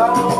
Tchau.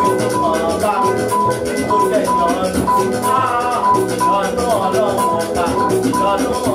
ọlọ́run